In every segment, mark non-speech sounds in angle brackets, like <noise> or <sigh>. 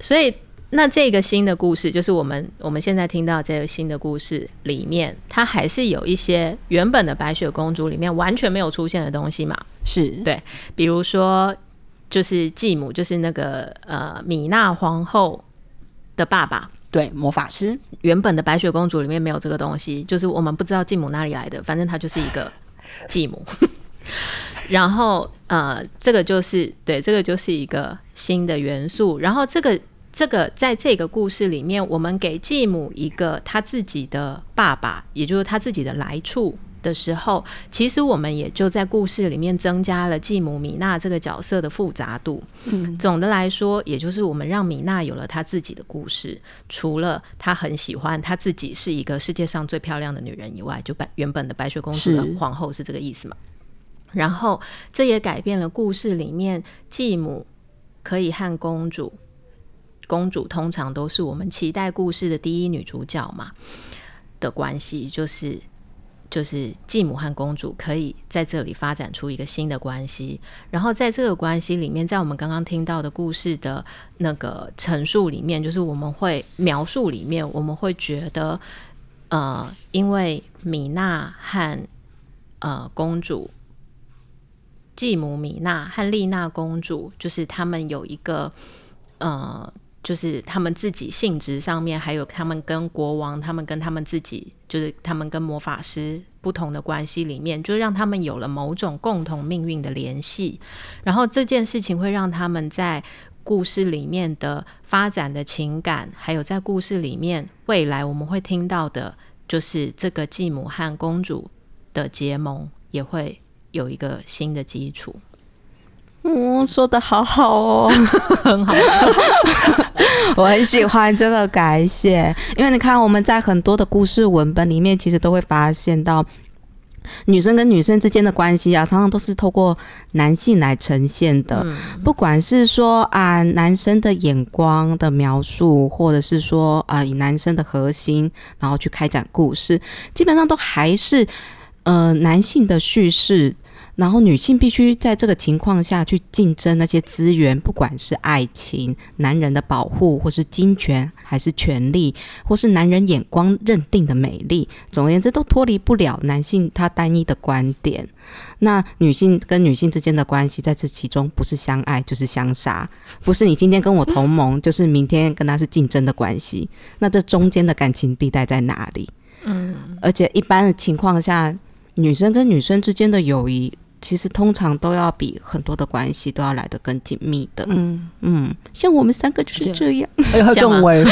所以，那這個新的故事就是我們我們現在聽到這個新的故事裡面，它還是有一些原本的《白雪公主》裡面完全沒有出現的東西嘛？是對，比如說就是繼母，就是那個呃米娜皇後的爸爸，對，魔法師。原本的《白雪公主》裡面沒有這個東西，就是我們不知道繼母哪裡來的，反正她就是一個繼母。 <laughs> <laughs> 然後呃，這個就是對，這個就是一個新的元素。然後這個。這個在這個故事裡面，我們給繼母一個她自己的爸爸，也就是她自己的來處的時候，其實我們也就在故事裡面增加了繼母米娜這個角色的複雜度。嗯。總的來說，也就是我們讓米娜有了她自己的故事，除了她很喜歡她自己是一個世界上最漂亮的女人以外，就白原本的白雪公主的皇後是這個意思嘛。然後這也改變了故事裡面繼母可以和公主。公主通常都是我們期待故事的第一女主角嘛的關係，就是就是繼母和公主可以在這裡發展出一個新的關係。然後在這個關係裡面，在我們剛剛聽到的故事的那個陳述裡面，就是我們會描述裡面，我們會覺得呃，因為米娜和呃公主、繼母米娜和麗娜公主，就是他們有一個呃。就是他們自己性質上面，還有他們跟國王，他們跟他們自己，就是他們跟魔法師不同的關係裡面，就讓他們有了某種共同命運的聯繫。然後這件事情會讓他們在故事裡面的發展的情感，還有在故事裡面未來我們會聽到的，就是這個繼母和公主的結盟也會有一個新的基礎。嗯、哦，說得好好哦，喔，很好，我很喜歡這個 <laughs> 感謝。因為你看我們在很多的故事文本裡面，其實都會發現到，女生跟女生之間的關係啊，常常都是透過男性來呈現的，嗯，不管是說啊男生的眼光的描述，或者是說啊以男生的核心，然後去開展故事，基本上都還是呃男性的敘事。然後女性必須在這個情況下去競爭那些資源，不管是愛情、男人的保護，或是金錢，還是權力，或是男人眼光認定的美麗。總而言之，都脫離不了男性他單一的觀點。那女性跟女性之間的關係，在這其中不是相愛就是相殺，不是你今天跟我同盟，就是明天跟他是競爭的關係。那這中間的感情地帶在哪裡？嗯，而且一般的情況下，女生跟女生之間的友誼。其實通常都要比很多的關係都要來得更緊密的，嗯嗯，像我們三個就是這樣，欸、更為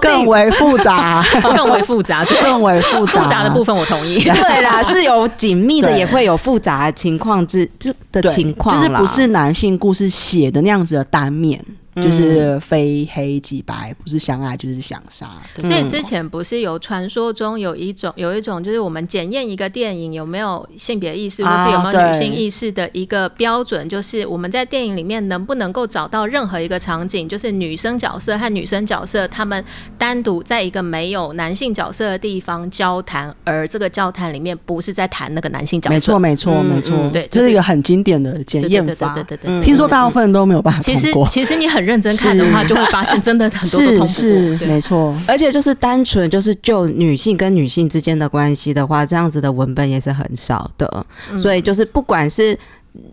更為複雜、啊 <laughs> 複雜啊複雜啊、 <laughs> 複雜，更為複雜、啊，更為複雜，更為複雜的部分我同意，對啦，是有緊密的， <laughs> 也會有複雜情況之之的情況，就是不是男性故事寫的那樣子的單面。就是非黑即白，嗯、不是相愛就是想殺。所以之前不是有傳說中有一種、嗯、有一種，就是我們檢驗一個電影有沒有性別意識、啊，或是有沒有女性意識的一個標準，就是我們在電影裡面能不能夠找到任何一個場景，就是女生角色和女生角色他們單獨在一個沒有男性角色的地方交談，而這個交談裡面不是在談那個男性角色。沒錯，沒錯，沒、嗯、錯、嗯。對，這、就是一個很經典的檢驗法。對對對對，對，對，對、嗯。聽說大部分人都沒有辦法通過。其實，其實你很。 <laughs> 認真看的話，就會發現真的很多都痛苦是。是是沒錯，而且就是單純就是就女性跟女性之間的關係的話，這樣子的文本也是很少的。所以就是不管是。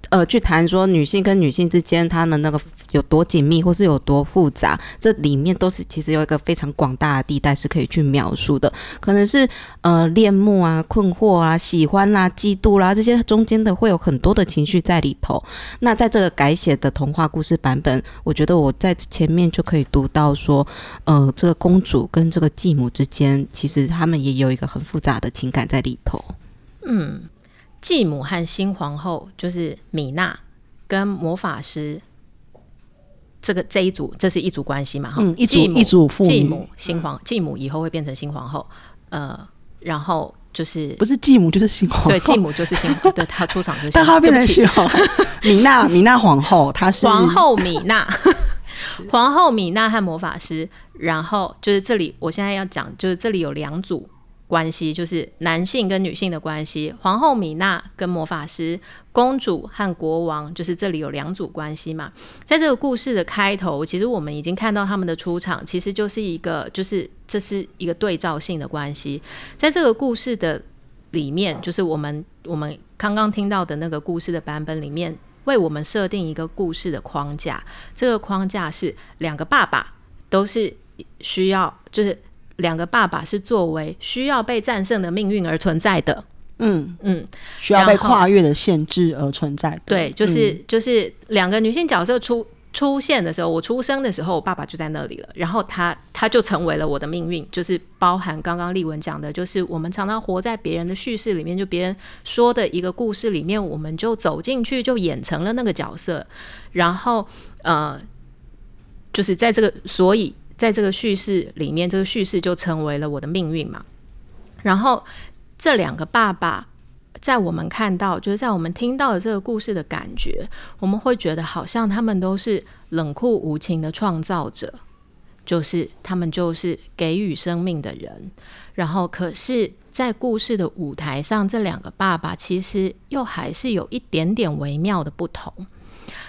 呃，去談說女性跟女性之間，她們那個有多緊密，或是有多複雜，這裡面都是其實有一個非常廣大的地帶是可以去描述的。可能是呃戀慕啊、困惑啊、喜歡啦、啊、嫉妒啦、啊，這些中間的會有很多的情緒在裡頭。那在這個改寫的童話故事版本，我覺得我在前面就可以讀到說，呃，這個公主跟這個繼母之間，其實他們也有一個很複雜的情感在裡頭。嗯。繼母和新皇後就是米娜跟魔法師，這個這一組，這是一組關係嘛？嗯，一組母一組繼母新皇繼母以後會變成新皇後，呃，然後就是不是繼母就是新皇後，對繼母就是新，對，她出場就是 <laughs> 她變成新皇後， <laughs> 米娜米娜皇後她是皇後米娜， <laughs> 皇後米娜和魔法師，然後就是這裡我現在要講就是這裡有兩組。關係就是男性跟女性的關係，皇後米娜跟魔法師，公主和國王，就是這裡有兩組關係嘛。在這個故事的開頭，其實我們已經看到他們的出場，其實就是一個，就是這是一個對照性的關係。在這個故事的裡面，就是我們我們剛剛聽到的那個故事的版本裡面，為我們設定一個故事的框架。這個框架是兩個爸爸都是需要，就是。兩個爸爸是作為需要被戰勝的命運而存在的，嗯嗯，需要被跨越的限制而存在的。對，就是、嗯、就是兩個女性角色出出現的時候，我出生的時候，我爸爸就在那裡了，然後他他就成為了我的命運，就是包含剛剛俐文講的，就是我們常常活在別人的敘事裡面，就別人說的一個故事裡面，我們就走進去就演成了那個角色，然後呃，就是在這個所以。在這個敘事裡面，這個敘事就成為了我的命運嘛。然後這兩個爸爸，在我們看到，就是在我們聽到的這個故事的感覺，我們會覺得好像他們都是冷酷無情的創造者，就是他們就是給予生命的人。然後可是，在故事的舞台上，這兩個爸爸其實又還是有一點點微妙的不同。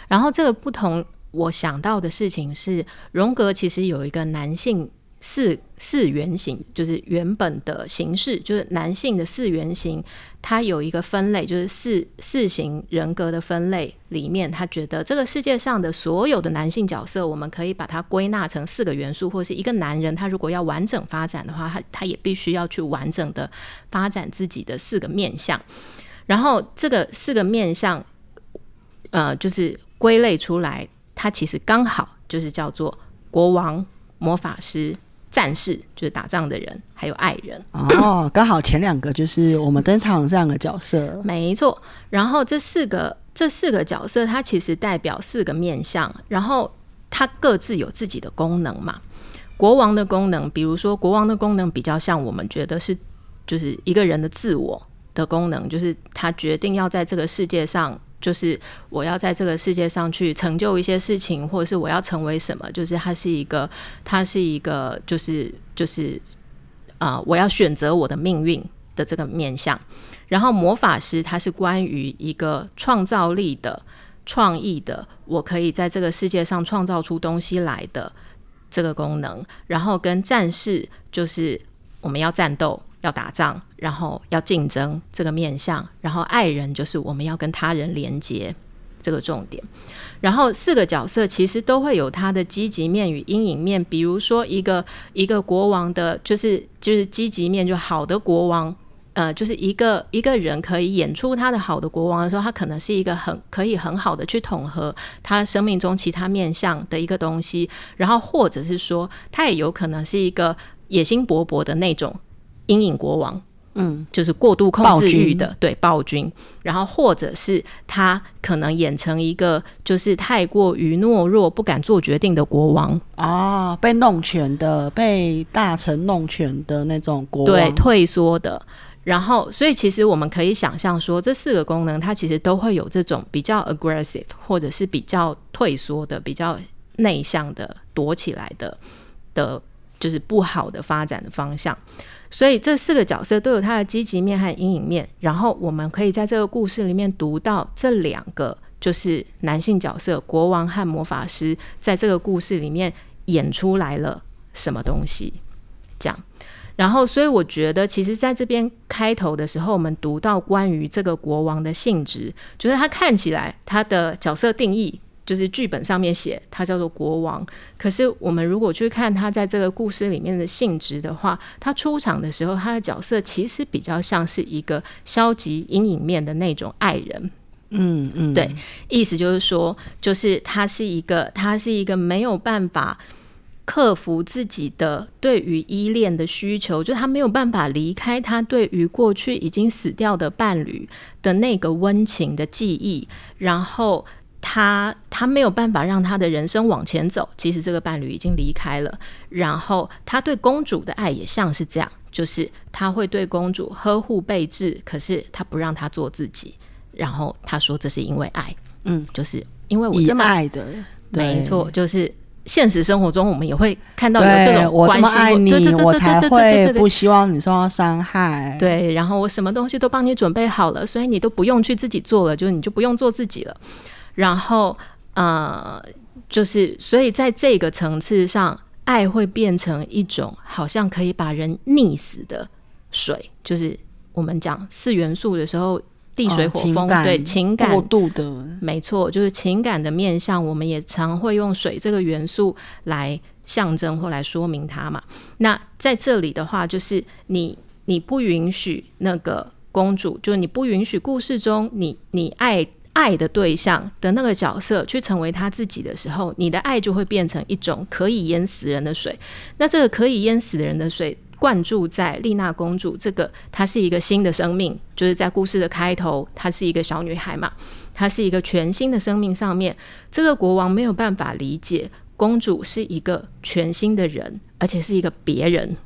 然後這個不同。我想到的事情是，榮格其實有一個男性四四原型，就是原本的形式，就是男性的四原型。他有一個分類，就是四四型人格的分類裡面，他覺得這個世界上的所有的男性角色，我們可以把它歸納成四個元素，或是一個男人。他如果要完整發展的話，他他也必須要去完整的發展自己的四個面向。然後，這個四個面向，呃，就是歸類出來。他其實剛好就是叫做國王、魔法師、戰士，就是打仗的人，還有愛人。哦，剛好前兩個就是我們登場這兩個角色。 <coughs> 沒錯，然後這四個這四個角色，它其實代表四個面向，然後它各自有自己的功能嘛。國王的功能，比如說國王的功能比較像我們覺得是，就是一個人的自我的功能，就是他決定要在這個世界上。就是我要在這個世界上去成就一些事情，或者是我要成為什麼？就是它是一個，它是一個、就是，就是就是，啊、呃，我要選擇我的命運的這個面向。然後魔法師，它是關於一個創造力的、創意的，我可以在這個世界上創造出東西來的這個功能。然後跟戰士，就是我們要戰鬥。要打仗，然後要競爭這個面向，然後愛人就是我們要跟他人連接這個重點，然後四個角色其實都會有他的積極面與陰影面。比如說，一個一個國王的，就是就是積極面就好的國王，呃，就是一個一個人可以演出他的好的國王的時候，他可能是一個很可以很好的去統合他生命中其他面向的一個東西，然後或者是說，他也有可能是一個野心勃勃的那種。陰影國王，嗯，就是過度控制欲的暴君，對，暴君，然後或者是他可能演成一個就是太過於懦弱、不敢做決定的國王啊，被弄權的，被大臣弄權的那種國王，對，退縮的，然後所以其實我們可以想象說，這四個功能它其實都會有這種比較 aggressive 或者是比較退縮的、比較內向的、躲起來的的，就是不好的發展的方向。所以這四個角色都有它的積極面和陰影面，然後我們可以在這個故事裡面讀到這兩個，就是男性角色國王和魔法師，在這個故事裡面演出來了什麼東西，這樣。然後，所以我覺得其實在這邊開頭的時候，我們讀到關於這個國王的性質，就是他看起來他的角色定義。就是劇本上面寫他叫做國王，可是我們如果去看他在這個故事裡面的性質的話，他出場的時候，他的角色其實比較像是一個消極陰影面的那種愛人。嗯嗯，對，意思就是說，就是他是一個，他是一個沒有辦法克服自己的對於依戀的需求，就他沒有辦法離開他對於過去已經死掉的伴侶的那個溫情的記憶，然後。他他沒有辦法讓他的人生往前走。其實這個伴侶已經離開了，然後他對公主的愛也像是這樣，就是他會對公主呵護備至，可是他不讓他做自己。然後他說這是因為愛，嗯，就是因為我這麼愛的，沒錯，就是現實生活中我們也會看到有這種關係。我這麼愛你，我才會不希望你受到傷害。對，然後我什麼東西都幫你準備好了，所以你都不用去自己做了，就是你就不用做自己了。然後，呃，就是，所以在這個層次上，愛會變成一種好像可以把人溺死的水，就是我們講四元素的時候地、地、哦、水、火、風，對，情感過度的，沒錯，就是情感的面向，我們也常會用水這個元素來象徵或來說明它嘛。那在這裡的話，就是你你不允許那個公主，就是你不允許故事中你你愛。愛的對象的那個角色去成為他自己的時候，你的愛就會變成一種可以淹死人的水。那這個可以淹死人的水灌注在麗娜公主這個，她是一個新的生命，就是在故事的開頭，她是一個小女孩嘛，她是一個全新的生命。上面這個國王沒有辦法理解公主是一個全新的人，而且是一個別人。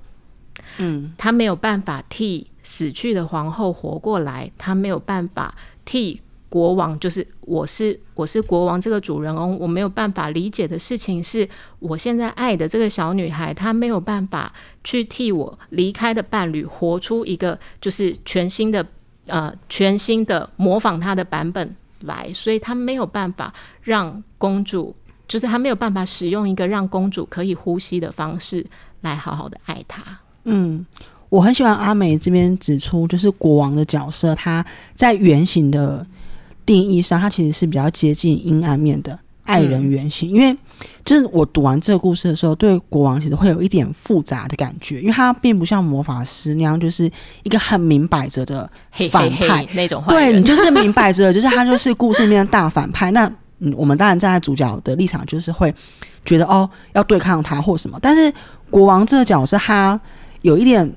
嗯，他沒有辦法替死去的皇后活過來，他沒有辦法替。國王就是我是我是國王這個主人翁我沒有辦法理解的事情是，我現在愛的這個小女孩，她沒有辦法去替我離開的伴侶活出一個就是全新的呃全新的模仿她的版本來，所以她沒有辦法讓公主，就是她沒有辦法使用一個讓公主可以呼吸的方式來好好的愛她。嗯，我很喜歡阿梅這邊指出，就是國王的角色，他在原型的。定義上，他其實是比較接近陰暗面的愛人原型、嗯，因為就是我讀完這個故事的時候，對國王其實會有一點複雜的感覺，因為他並不像魔法師那樣，就是一個很明擺着的反派，嘿嘿嘿那種。對，你就是明擺着，就是他就是故事裡面的大反派。 <laughs> 那嗯，我們當然站在主角的立場，就是會覺得哦，要對抗他或什麼，但是國王這個角色，他有一點，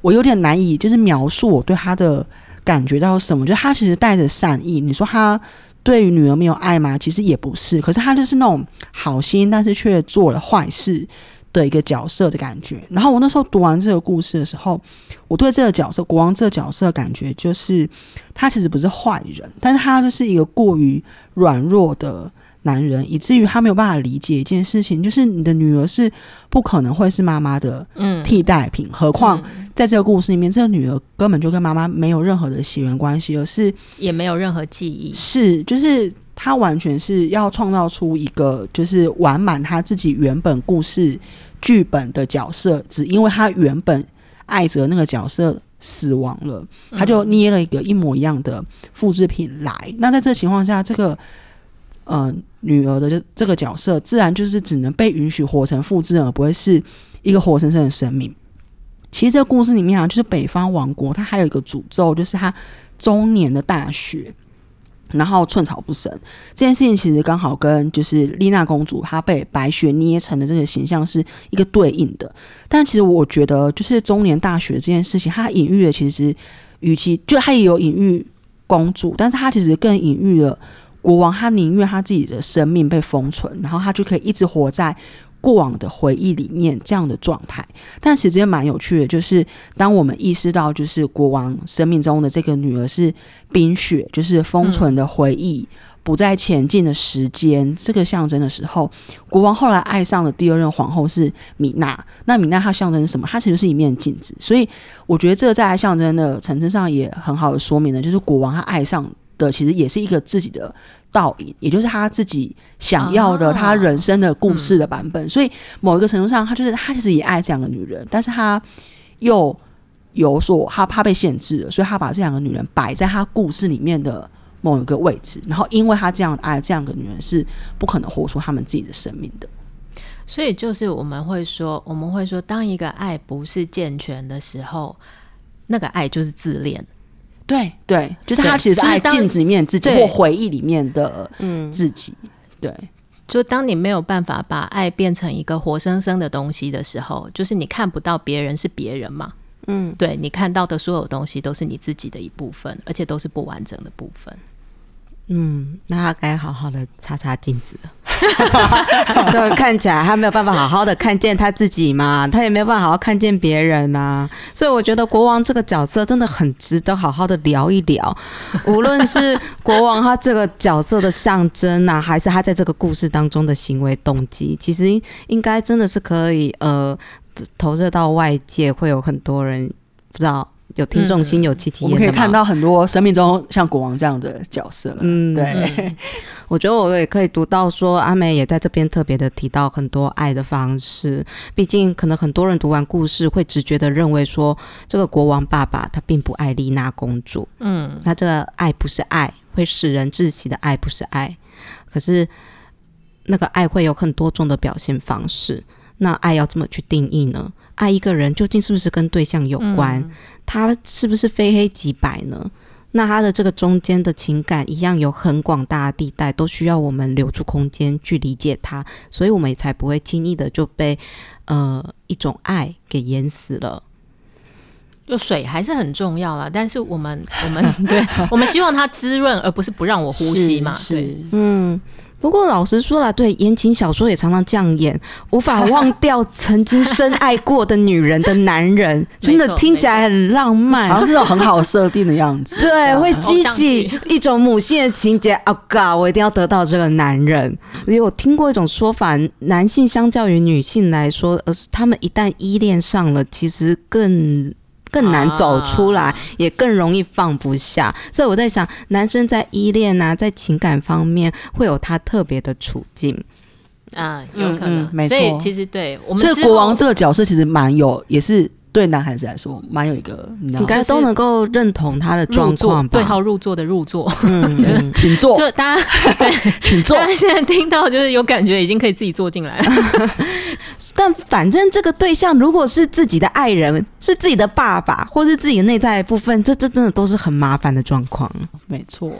我有點難以就是描述我對他的。感覺到什麼？就他其實帶着善意。你說他對於女兒沒有愛嗎？其實也不是。可是他就是那種好心，但是卻做了壞事的一個角色的感覺。然後我那時候讀完這個故事的時候，我對這個角色國王，這個角色的感覺就是，他其實不是壞人，但是他就是一個過於軟弱的男人，以至於他沒有辦法理解一件事情，就是你的女兒是不可能會是媽媽的替代品。嗯、何況、嗯、在這個故事裡面，這個女兒根本就跟媽媽沒有任何的血緣關係，而是也沒有任何記憶。是，就是他完全是要創造出一個就是完滿他自己原本故事劇本的角色，只因為他原本愛着那個角色死亡了、嗯，他就捏了一個一模一樣的複製品來、嗯。那在這個情況下，這個。呃，女兒的這個角色，自然就是只能被允許活成複製，而不會是一個活生生的生命。其實這個故事裡面啊，就是北方王國，它還有一個詛咒，就是它終年的大雪，然後寸草不生。這件事情其實剛好跟就是麗娜公主她被白雪捏成的這個形象是一個對應的。但其實我覺得，就是終年大雪這件事情，它隱喻的其實與其就它也有隱喻公主，但是它其實更隱喻了。國王他寧願他自己的生命被封存，然後他就可以一直活在過往的回憶裡面這樣的狀態。但其實也蠻有趣的，就是當我們意識到，就是國王生命中的這個女兒是冰雪，就是封存的回憶，嗯、不再前進的時間這個象徵的時候，國王後來愛上了第二任皇後是米娜。那米娜她象徵是什麼？她其實是一面鏡子，所以我覺得這個在愛象徵的層次上也很好的說明了，就是國王他愛上。的其實也是一個自己的倒影，也就是他自己想要的，他人生的故事的版本。哦，嗯、所以某一個程度上，他就是他其實也愛這樣的女人，但是他又有所他怕被限制了，所以他把這兩個女人擺在他故事裡面的某一個位置。然後，因為他這樣愛這樣的女人是不可能活出他們自己的生命的。所以，就是我們會說，我們會說，當一個愛不是健全的時候，那個愛就是自戀。對對，就是他其實愛鏡子裡面自己或回憶裡面的嗯，自己對、就是對。對，就當你沒有辦法把愛變成一個活生生的東西的時候，就是你看不到別人是別人嘛。嗯，對，你看到的所有東西都是你自己的一部分，而且都是不完整的部分。嗯，那他該好好的擦擦鏡子了。哈， <laughs> 看起來他沒有辦法好好的看見他自己嘛，他也沒有辦法好好看見別人吶。所以我覺得國王這個角色真的很值得好好的聊一聊。無論是國王他這個角色的象徵吶，還是他在這個故事當中的行為動機，其實應該真的是可以呃，投射到外界會有很多人不知道。有聽眾心有戚戚焉，嗯、我可以看到很多生命中像國王這樣的角色。嗯，對，我覺得我也可以讀到說，阿梅也在這邊特別的提到很多愛的方式。畢竟，可能很多人讀完故事會直覺的認為說，這個國王爸爸他並不愛麗娜公主。嗯，他這個愛不是愛，會使人窒息的愛不是愛。可是，那個愛會有很多種的表現方式。那愛要怎麼去定義呢？愛一個人究竟是不是跟對象有關、嗯？他是不是非黑即白呢？那他的這個中間的情感一樣有很廣大的地帶，都需要我們留出空間去理解他，所以我們才不會輕易的就被呃一種愛給淹死了。就水還是很重要啦，但是我們我們 <laughs> 對，我們希望它滋潤，而不是不讓我呼吸嘛？是是對，嗯。不過老實說了，對言情小說也常常這樣演，無法忘掉曾經深愛過的女人的男人， <laughs> 真的聽起來很浪漫，好像這種很好設定的樣子。 <laughs> 對，會激起一種母性的情結。啊、 <laughs> oh，God，我一定要得到這個男人。有聽過一種說法，男性相較於女性來說，而是他們一旦依戀上了，其實更。更難走出來，啊，也更容易放不下，所以我在想，男生在依戀啊，在情感方面，嗯、會有他特別的處境，啊，有可能，沒錯，所以其實對我們，所以國王這個角色其實蠻有，也是。對男孩子來說，蠻有一個，應該、就是、都能夠認同他的狀況吧。對號入座的入座，嗯， <laughs> 請坐。就大家對， <laughs> 請坐。大家現在聽到就是有感覺，已經可以自己坐進來了。 <laughs> <laughs> 但反正這個對象，如果是自己的愛人，是自己的爸爸，或是自己的內在的部分，這這真的都是很麻煩的狀況。沒錯。